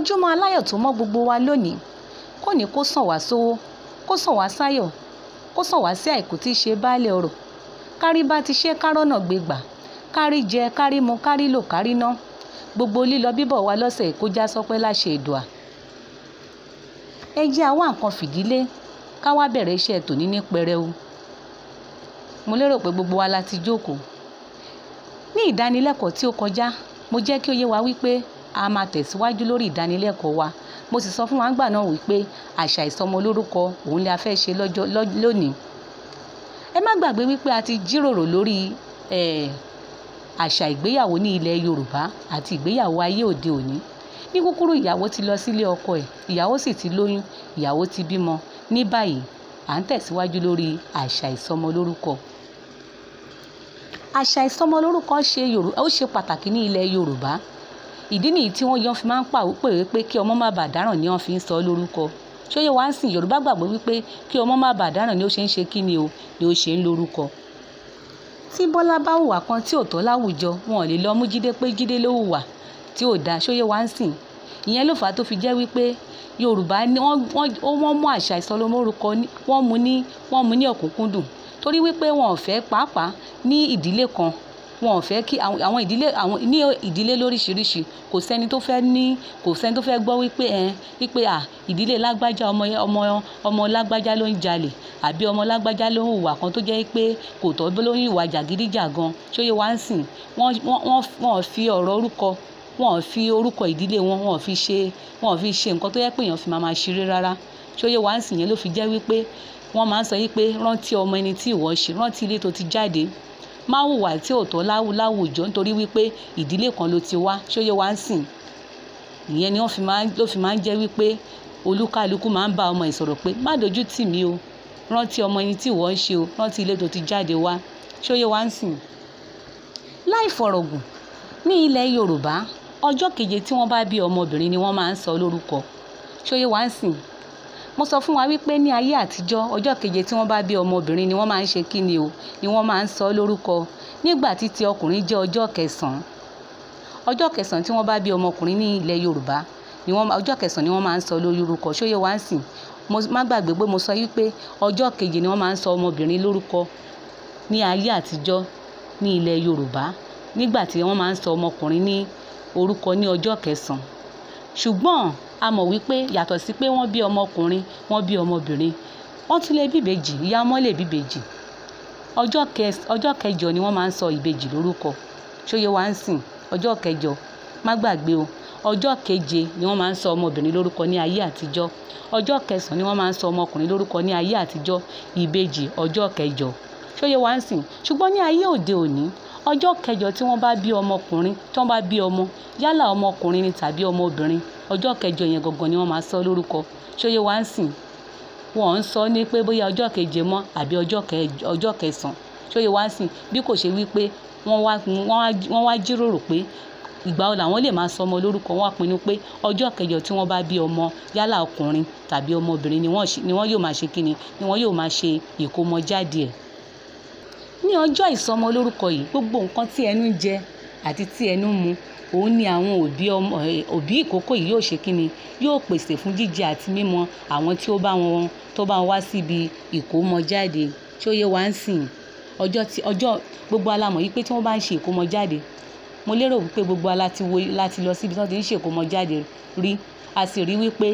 ojúmọ́ aláyọ̀ tó mọ́ gbogbo wa lónìí kò ní kó sàn wá sówó kó sàn wá sáyọ̀ kó sàn wá sí àìkú tí í ṣe baálé ọrọ̀ kárí bá ti ṣe kárọ̀nà gbégbà kárí jẹ kárí mu kárí lò kárí ná gbogbo lílọ bíbọ̀ wa lọ́sẹ̀ kó já sọpẹ́ láṣẹ ìdùà ẹ jẹ́ àwọn nǹkan fìdílé ká wá bẹ̀rẹ̀ iṣẹ́ tòní ní pẹrẹu mo lérò pé gbogbo wa la ti jókòó ní ìdánilẹ́kọ̀ọ́ tí ó kọjá mo jẹ́ kí ó yé wa wípé a máa tẹ̀síwájú lórí ìdánilẹ́kọ̀ọ́ wa mo sì sọ fún wa nígbà náà wípé àṣà ìsọmọlórúkọ òun la fẹ́ ṣe lọ́jọ́ lónìí ẹ má gbàgbé wípé a ti jíròrò lórí àṣà ìgbéyàwó ní ilẹ̀ Yorùbá àti ìgbéyàwó ayé òde òní ní kúkúrú ìyàwó ti lọ sílé ọkọ ẹ̀ ìyàwó sì ti lóyún ìyàwó ti bímọ ní báyìí à ń tẹ̀síwájú lórí àṣà ìsọmọlórúkọ àṣà ìsọmọlórúkọ ó ṣe pàtàkì ní ilẹ̀ Yorùbá ìdí nìyí tí wọ́n yan fi máa ń pàwọ́ pé pé kí ọmọ má bàa dáràn ni wọ́n fi ń sọ ọ́ lórúkọ ṣóyè wá ń sìn Yorùbá gbàgbọ́ wípé kí ọmọ má bàa dáràn ni ó ṣe ń ṣe kí ni o ni ó ṣe ń lórúkọ tí Bọ́lá bá hùwà kan tí ò tọ́ láwùjọ wọn ò lè lọ mú Jídé pé Jídé ló hùwà tí ò dáa ṣóyè wá ń sìn ìyẹn ló fà á tó fi jẹ́ wípé Yorùbá wọ́n mú àṣà ìsọlọmórúkọ wọ́n mú ní wọ́n mú ní ọ̀kúnkúndùn torí wípé wọn ò fẹ́ pàápàá ní ìdílé kan wọn ò fẹ́ kí àwọn ìdílé àwọn ní ìdílé lóríṣiríṣi kò sẹ́ni tó fẹ́ ní kò sẹ́ni tó fẹ́ gbọ́ wípé ẹ wípé à ìdílé lágbájá ọmọ ọmọ ọmọ lágbájá ló ń jalè àbí ọmọ lágbájá ló ń hùwà kan tó jẹ́ pé kò tọ́ ló ń hùwà jàgídíjàgan ṣóyè wá ń sìn wọ́n wọ́n fi ọ̀rọ̀ orúkọ wọn ò fi orúkọ ìdílé wọn wọn ò fi ṣe wọn ò fi ṣe nǹkan tó yẹ pé èèyàn fi máa máa ṣeré rárá ṣóyè wá ń sìn yẹn ló fi jẹ́ wípé wọ́n máa ń sọ yìí pé rántí ọmọ ẹni tí ìwọ ṣe rántí ilé tó ti jáde máa hùwà tí ò tọ́ láwùjọ nítorí wípé ìdílé kan ló ti wá ṣó wá ń sìn ìyẹn ni wọ́n fi máa ń jẹ́ wípé olúkálukú máa ń bá ọmọ ẹ̀ pé má dojú tì mí o rántí ọmọ ẹni tí ìwọ ń ṣe o rántí ilé tó ti jáde wá ṣó wá ń sìn. láì fọ̀rọ̀gùn ní ilẹ̀ Yorùbá ọjọ́ keje tí wọ́n bá bí ọmọbìnrin ni wọ́n máa ń sọ lórúkọ ṣó wá ń sìn mo sọ fún wa wípé ní ayé àtijọ́ ọjọ́ keje tí wọ́n bá bí ọmọbìnrin ni wọ́n máa ń ṣe kí ni o ni wọ́n máa ń sọ lórúkọ nígbà tí ti ọkùnrin jẹ́ ọjọ́ kẹsàn-án ọjọ́ kẹsàn-án tí wọ́n bá bí ọmọkùnrin ní ilẹ̀ Yorùbá ni wọ́n ọjọ́ kẹsàn-án ni wọ́n máa ń sọ lórúkọ ṣóyè wá ń sìn mo má gbàgbé pé mo sọ wípé ọjọ́ keje ni wọ́n máa ń sọ ọmọbìnrin lórúkọ ní ayé àtijọ́ ní ilẹ̀ Yorùbá nígbà tí wọ́n máa ń sọ ọmọkùnrin ní orúkọ ní ọjọ́ kẹsàn-án ṣùgbọ́n a mọ̀ wípé yàtọ̀ sí pé wọ́n bí ọmọkùnrin wọ́n bí ọmọbìnrin wọ́n tún lè bí ìbejì ìyá ọmọ lè bí ìbejì ọjọ́ kẹjọ ni wọ́n máa ń sọ ìbejì lórúkọ ṣóyè wá ń sìn ọjọ́ kẹjọ má gbàgbé o ọjọ́ keje ni wọ́n máa ń sọ ọmọbìnrin lórúkọ ní ayé àtijọ́ ọjọ́ kẹsàn-án ni wọ́n máa ń sọ ọmọkùnrin lórúkọ ní ayé àtijọ́ ìbejì ọjọ́ kẹjọ ṣóyè wá ń sìn ṣùgbọ́n ní ayé òde òní ọjọ́ kẹjọ tí wọ́n bá bí ọmọkùnrin tí wọ́n bá bí ọmọ yálà ọmọkùnrin ni tàbí ọmọbìnrin ọjọ́ kẹjọ yẹn gangan ni wọ́n máa sọ lórúkọ ṣóyè wá ń sìn wọ́n ń sọ ní pé bóyá ọjọ́ keje mọ́ àbí ọjọ́ kẹsàn-án ṣóyè wá ń sìn bí kò ṣe wípé wọ́n wá jíròrò pé ìgbà wo làwọn lè máa sọ ọmọ lórúkọ wọn pinnu pé ọjọ́ kẹjọ tí wọ́n bá bí ọmọ yálà ọkùnrin tàbí ọmọbìnrin ni wọ́n yóò máa ṣe kíni ni wọ́n yóò máa ṣe ìkómọjáde ẹ̀. ní ọjọ́ ìsọmọlórúkọ yìí gbogbo nǹkan tí ẹnu ń jẹ àti tí ẹnu mu òun ni àwọn òbí ọmọ òbí ìkókó yìí yóò ṣe kí ni yóò pèsè fún jíjẹ àti mímu àwọn tí ó bá wọn tó bá wá síbi ìkómọjáde tí ó yẹ wá ń sìn ọjọ́ tí ọjọ́ gbogbo alamọ̀ yìí pé tí wọ́n bá ń ṣe ìkómọjáde mo lérò wípé gbogbo aláti láti lọ síbi tí wọ́n ti ń ṣe ìkómọjáde rí a sì rí wípé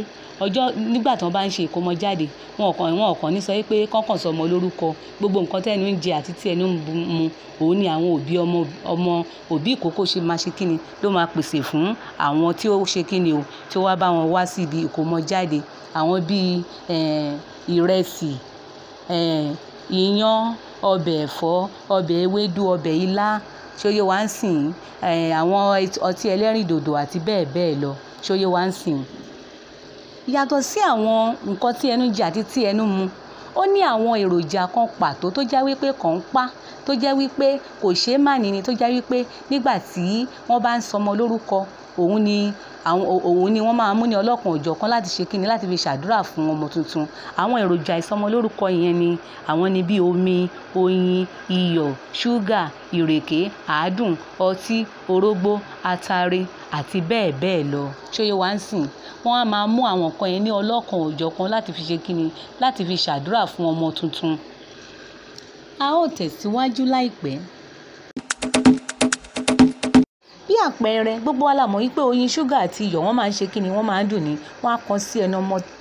ọjọ́ nígbà tí wọ́n bá ń ṣe ìkómọjáde wọn kàn wọn kàn ní sọ pé kọ́kàn sọmọ lórúkọ gbogbo nǹkan tẹ́nu ń jẹ àti tí ẹnu ń mu òun ni àwọn òbí ọmọ ọmọ òbí ìkókó ṣe máa ṣe kíni ló máa pèsè fún àwọn tí ó ṣe kíni o tí ó wá bá wọn wá síbi ìkómọjáde àwọn bíi ìrẹsì iyán ọbẹ̀ ẹ̀fọ́ ọbẹ̀ ewédú ọbẹ̀ ilá ṣóyé wa ń sìn àwọn ọtí ẹlẹ́rìndòdò àti bẹ́ẹ̀ bẹ́ẹ̀ lọ ṣóyé wa ń sìn yàtọ̀ sí àwọn nǹkan tí ẹnu jẹ àti tí ẹnu mu ó ní àwọn èròjà kan pàtó tó jẹ́ wípé kàn ń pa tó jẹ́ wípé kò ṣeé má ní ni tó jẹ́ wípé nígbà tí wọ́n bá ń sọmọ lórúkọ òun ni àwọn òun ni wọ́n máa mú ní ọlọ́kan òjọ̀kan láti ṣe kíni láti fi ṣàdúrà fún ọmọ tuntun àwọn èròjà ìsọmọlórúkọ yẹn ni àwọn ni bíi omi oyin iyọ̀ ṣúgà ìrèké àádùn ọtí orógbó atare àti bẹ́ẹ̀ bẹ́ẹ̀ lọ ṣóyè wá ń sìn wọ́n á máa mú àwọn nǹkan yẹn ní ọlọ́kan òjọ̀kan láti fi ṣe kíni láti fi ṣàdúrà fún ọmọ tuntun a ó tẹ̀síwájú láìpẹ́ bí àpẹẹrẹ gbogbo wa la mọ̀ wípé oyin ṣúgà àti iyọ̀ wọ́n máa ń ṣe kí ni wọ́n máa ń dùn ní wọ́n á kan sí ẹnu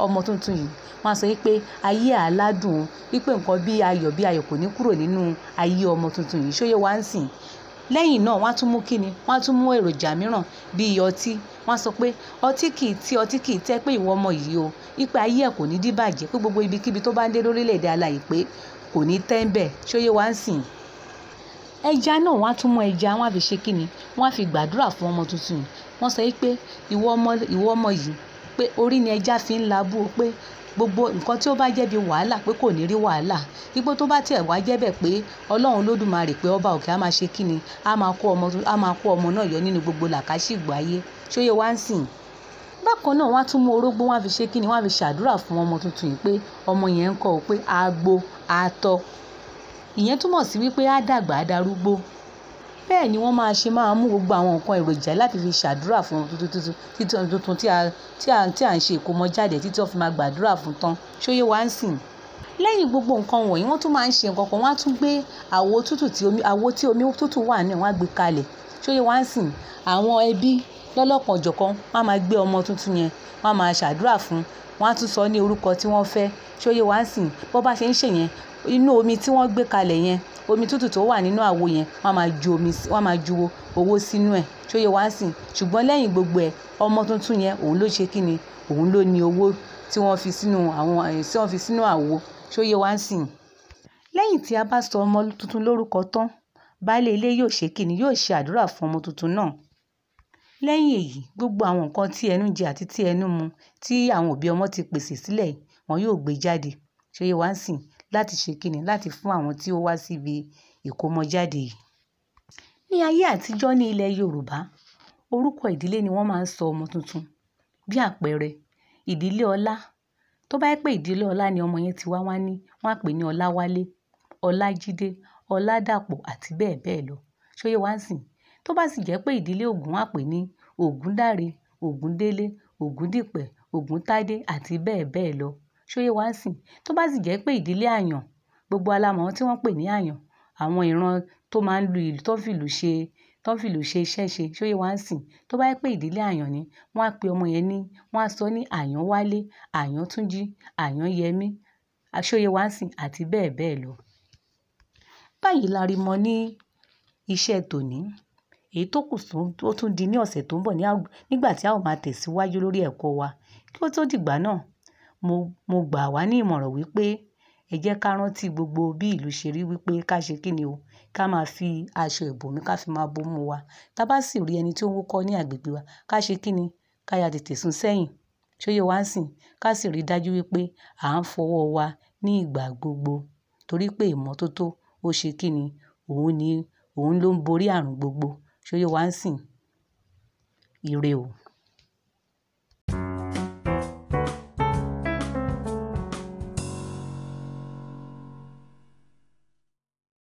ọmọ tuntun yìí wọ́n á sọ wípé ayé àládùn wípé nǹkan bí ayọ̀ bí ayọ̀ kò ní kúrò nínú ayé ọmọ tuntun yìí ṣóyè wá ń sìn lẹ́yìn náà wọ́n á tún mú kíni wọ́n á tún mú èròjà mìíràn bíi ọtí wọ́n á sọ pé ọtí kìí tí ọtí kìí tẹ́ pé ìwọ ọmọ yìí o ipa ayé ẹ̀ kò ní díbàjẹ́ pé gbogbo ibikíbi tó bá ń dé lórílẹ̀‐èdè alàyè pé kò ní tẹ́ ń bẹ̀ ṣóyè wá ń sìn ẹja náà wọ́n á tún mú ẹja wọ́n á fi ṣe kíni wọ́n á fi gbàdúrà fún ọmọ tuntun yìí sọ pé ìwọ ọmọ ìwọ ọmọ yìí pé orí ni ẹja fi ń labú o pé gbogbo nǹkan tí ó bá jẹ́ bí wàhálà pé kò ní rí wàhálà ipò tó bá tiẹ̀ wá jẹ́ bẹ̀ pé ọlọ́run olódùmarè pé ọba òkè á máa ṣe kíni á máa kó ọmọ á máa kó ọmọ náà yọ nínú gbogbo làkàṣìgbò ayé ṣóyè wá ń sìn bákan náà wọ́n á tún mú orógbó wọ́n á fi ṣe kíni wọ́n á fi ṣàdúrà fún ọmọ tuntun yìí pé ọmọ yẹn ń kọ́ ọ pé àgbo àtọ̀ ìyẹn túmọ̀ sí wípé á dàgbà á darúgbó bẹ́ẹ̀ ni wọ́n máa ṣe máa mú gbogbo àwọn nǹkan èròjà láti fi ṣàdúrà fún ohun tuntun tuntun tí à ń ṣe ìkómọ jáde títí wọ́n fi máa gbàdúrà fún tán ṣóyé wá ń sìn lẹ́yìn gbogbo nǹkan wọ̀nyí wọ́n tún máa ń ṣe nǹkan kan wọ́n á tún gbé àwo tútù tí omi àwo tí omi tútù wà náà wọ́n á gbé kalẹ̀ ṣóyè wá ń sìn àwọn ẹbí lọ́lọ́kan ọ̀jọ̀kan wọ́n á máa gbé ọmọ tuntun yẹn wọ́n á máa ṣàdúrà fún wọ́n á tún sọ ní orúkọ tí wọ́n fẹ́ ṣóyè wá ń sìn bó bá ṣe ń ṣèyẹn inú omi tí wọ́n gbé kalẹ̀ yẹn omi tútù tó wà nínú àwo yẹn wọ́n máa ju omi wọ́n máa ju owó sínú ẹ̀ tó yẹ wá sìn ṣùgbọ́n lẹ́yìn gbogbo ẹ̀ ọmọ tuntun yẹn òun ló ṣe kí ni òun ló ní owó tí wọ́n fi sínú àwọn eh, tí wọ́n fi sínú àwo tó yẹ wá sìn. lẹ́yìn tí a bá sọ ọmọ tuntun lórúkọ tán baálé ilé yóò ṣe kí ni yóò ṣe àdúrà fún ọmọ tuntun náà lẹ́yìn èyí gbogbo àwọn nǹkan tí ẹnu jẹ àti tí ẹnu mu tí àwọn òbí ọmọ ti pèsè sílẹ̀ wọn yóò gbé jáde ṣòye wá ń sìn láti ṣe kíni láti fún àwọn tí ó wá síbi ìkómọjáde yìí. Ní ayé àtijọ́ ní ilẹ̀ Yorùbá, orúkọ ìdílé ni wọ́n máa ń sọ ọmọ tuntun. Bí àpẹẹrẹ, ìdílé Ọlá. Tó bá jẹ́ pé ìdílé Ọlá ni ọmọ yẹn ti wá wá ní, wọ́n á pè é ní Ọláwálé, Ọlájídé, Ọládàpọ̀ àti bẹ́ẹ̀ bẹ́ẹ̀ lọ. Ṣé ó yé wa ń sìn? Tó bá sì jẹ́ pé ìdílé Ògún, á pè é ní Ògúndáre, Ògúndélé, Ògúndìpẹ̀, Ògúntádé àti bẹ́ẹ̀ bẹ́ẹ̀ lọ ṣóyé wá sì tó bá sì jẹ́ pé ìdílé àyàn gbogbo wa tí wọ́n pè ní àyàn àwọn ìran tó máa ń lu ìlù tó ń fi ṣe tó ń fi ṣe iṣẹ́ ṣe ṣóyé wá sì tó bá jẹ́ pé ìdílé àyàn ni wọ́n á pe ọmọ yẹn ní wọ́n á sọ ní Àyànwálé, Àyàntúnjí, Àyànyẹmí, ṣóyé wá sì àti bẹ́ẹ̀ bẹ́ẹ̀ lọ. Báyìí la rí mọ ní iṣẹ́ tòní. Èyí tó kù tó tún di ní ọ̀sẹ̀ tó ń bọ̀ nígbà tí a ó máa tẹ̀síwájú lórí ẹ̀kọ́ wa. Kí ó tó dìgbà náà mo, mo gbà wá ní ìmọ̀ràn wípé ẹ jẹ́ ká rántí gbogbo bí ìlú ṣe rí wípé ká ṣe kíni o, ká máa fi aṣọ ìbòmú ká fi máa bo imú wa. Tá bá sì rí ẹni tí ó ń wúkọ́ ní agbègbè wa, ká ṣe ni ká ya tètè sún sẹ́yìn. Ṣé ó yé wa nsìn? Ká sì rí dájú wípé à ń fọwọ́ wa ní ìgbà gbogbo torí pé ìmọ́tótó ó ṣe kíni, òun ni, òun ló ń borí ààrùn gbogbo. Ṣé ó yé wa Ire o.